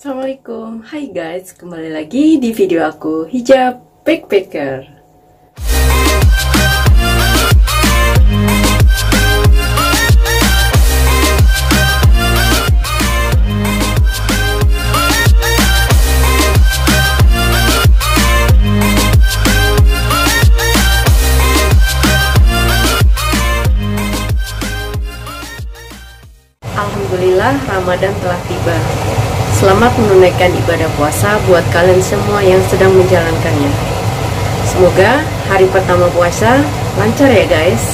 Assalamualaikum, hai guys, kembali lagi di video aku hijab backpacker Alhamdulillah Ramadan telah tiba Selamat menunaikan ibadah puasa buat kalian semua yang sedang menjalankannya. Semoga hari pertama puasa lancar ya guys.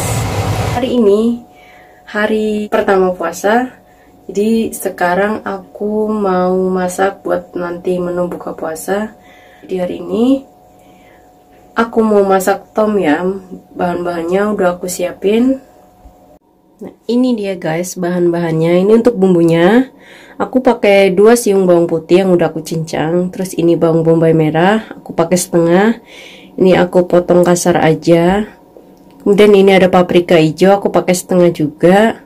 Hari ini hari pertama puasa. Jadi sekarang aku mau masak buat nanti menu buka puasa. Di hari ini aku mau masak tom yum. Bahan-bahannya udah aku siapin Nah, ini dia guys bahan-bahannya. Ini untuk bumbunya. Aku pakai 2 siung bawang putih yang udah aku cincang. Terus ini bawang bombay merah, aku pakai setengah. Ini aku potong kasar aja. Kemudian ini ada paprika hijau, aku pakai setengah juga.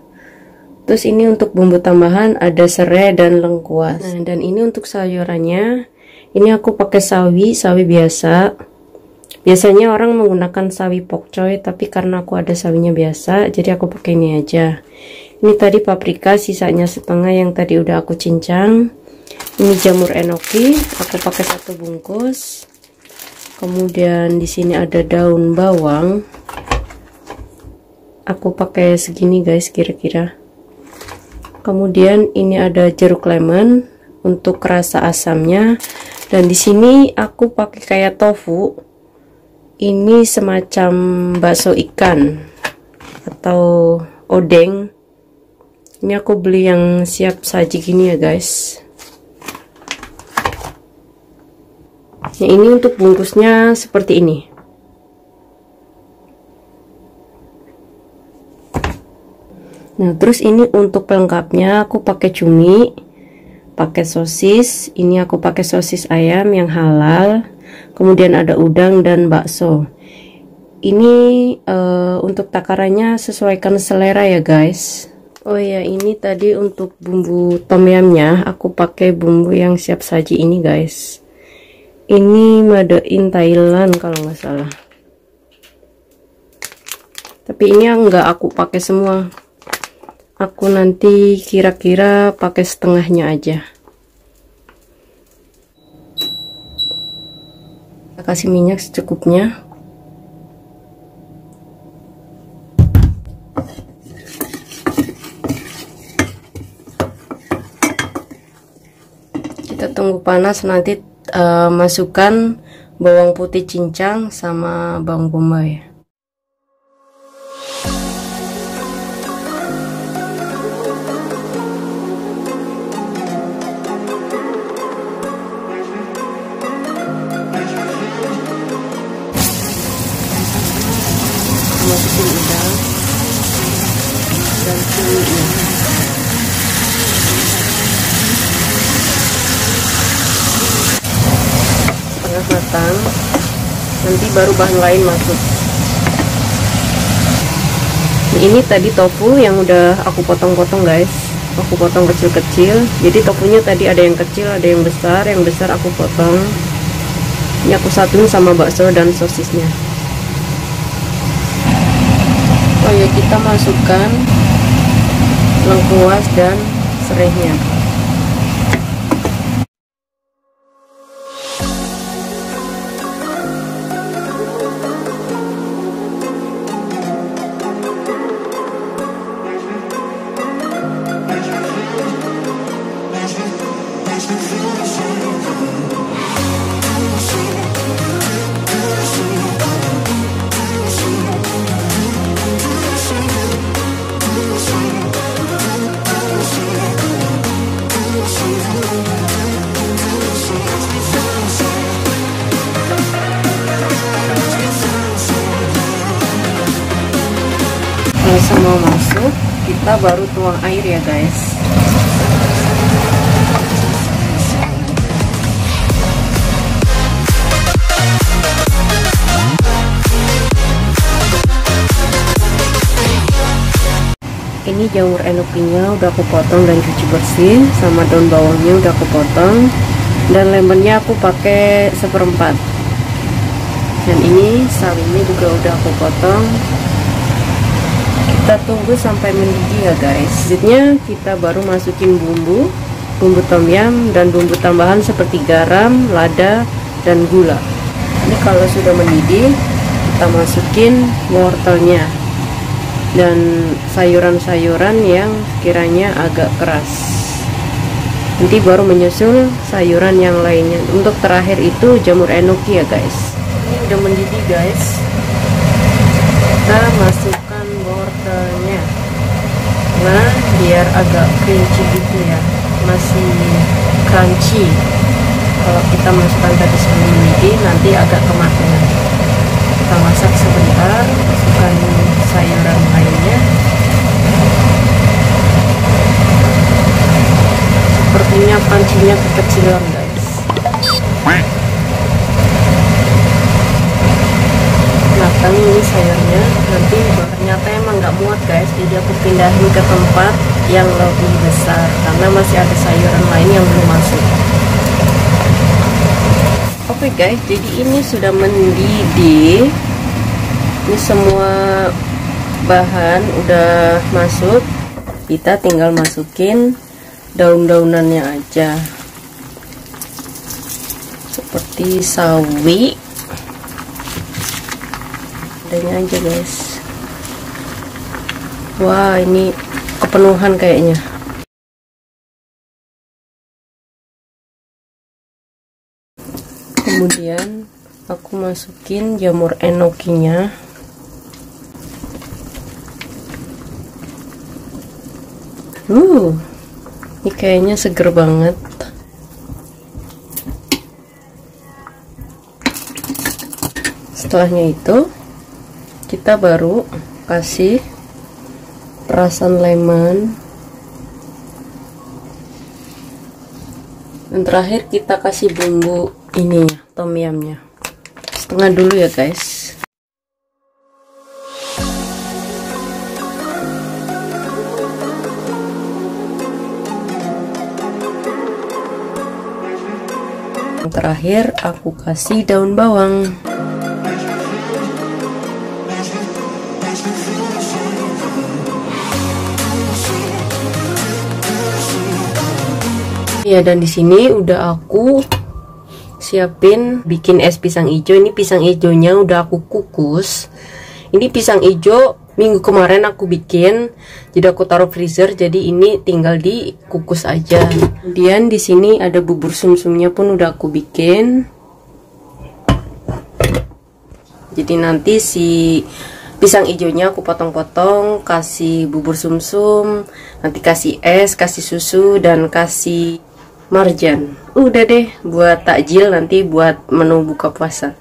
Terus ini untuk bumbu tambahan ada serai dan lengkuas. Nah, dan ini untuk sayurannya. Ini aku pakai sawi, sawi biasa biasanya orang menggunakan sawi pokcoy tapi karena aku ada sawinya biasa jadi aku pakai ini aja ini tadi paprika sisanya setengah yang tadi udah aku cincang ini jamur enoki aku pakai satu bungkus kemudian di sini ada daun bawang aku pakai segini guys kira-kira kemudian ini ada jeruk lemon untuk rasa asamnya dan di sini aku pakai kayak tofu ini semacam bakso ikan atau odeng ini aku beli yang siap saji gini ya guys ya, ini untuk bungkusnya seperti ini nah terus ini untuk pelengkapnya aku pakai cumi pakai sosis ini aku pakai sosis ayam yang halal kemudian ada udang dan bakso ini uh, untuk takarannya sesuaikan selera ya guys Oh ya ini tadi untuk bumbu tom yamnya aku pakai bumbu yang siap saji ini guys ini made in Thailand kalau nggak salah tapi ini nggak aku pakai semua aku nanti kira-kira pakai setengahnya aja kita kasih minyak secukupnya kita tunggu panas nanti uh, masukkan bawang putih cincang sama bawang bombay setengah matang nanti baru bahan lain masuk ini tadi tofu yang udah aku potong-potong guys aku potong kecil-kecil jadi tofunya tadi ada yang kecil ada yang besar yang besar aku potong ini aku satuin sama bakso dan sosisnya oh ya kita masukkan lengkuas dan serihnya kita baru tuang air ya guys ini jamur enokinya udah aku potong dan cuci bersih sama daun bawangnya udah aku potong dan lemonnya aku pakai seperempat dan ini sawinya juga udah aku potong kita tunggu sampai mendidih ya guys selanjutnya kita baru masukin bumbu bumbu tom yam dan bumbu tambahan seperti garam, lada, dan gula ini kalau sudah mendidih kita masukin wortelnya dan sayuran-sayuran yang kiranya agak keras nanti baru menyusul sayuran yang lainnya untuk terakhir itu jamur enoki ya guys ini udah mendidih guys biar agak crunchy gitu ya masih crunchy kalau kita masukkan tadi sebelum ini nanti agak kematangan kita masak sebentar masukkan sayuran lainnya sepertinya pancinya kekecilan guys matang ini sayurnya nanti ternyata emang nggak muat guys jadi aku pindahin ke tempat yang lebih besar karena masih ada sayuran lain yang belum masuk oke okay guys jadi ini sudah mendidih ini semua bahan udah masuk kita tinggal masukin daun-daunannya aja seperti sawi adanya aja guys wah ini Penuhan kayaknya kemudian aku masukin jamur enokinya uh ini kayaknya seger banget setelahnya itu kita baru kasih perasan lemon dan terakhir kita kasih bumbu ini ya tom yamnya setengah dulu ya guys terakhir aku kasih daun bawang ya dan di sini udah aku siapin bikin es pisang hijau ini pisang hijaunya udah aku kukus ini pisang hijau minggu kemarin aku bikin jadi aku taruh freezer jadi ini tinggal dikukus aja kemudian di sini ada bubur sumsumnya pun udah aku bikin jadi nanti si pisang hijaunya aku potong-potong kasih bubur sumsum -sum, nanti kasih es kasih susu dan kasih marjan udah deh buat takjil nanti buat menu buka puasa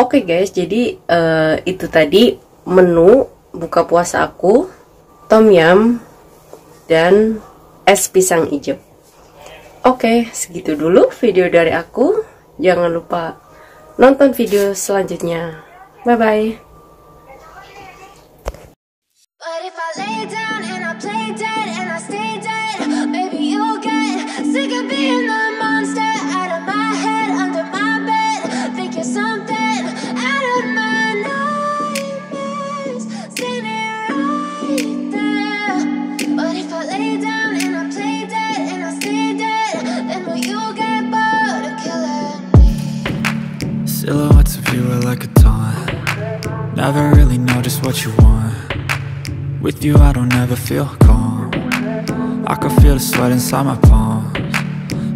oke okay guys jadi uh, itu tadi menu buka puasa aku tom yam dan es pisang hijau oke okay, segitu dulu video dari aku jangan lupa nonton video selanjutnya bye bye Never really know just what you want With you I don't ever feel calm I can feel the sweat inside my palms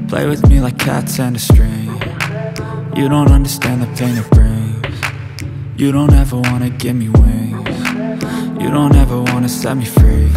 Play with me like cats and a string You don't understand the pain it brings You don't ever wanna give me wings You don't ever wanna set me free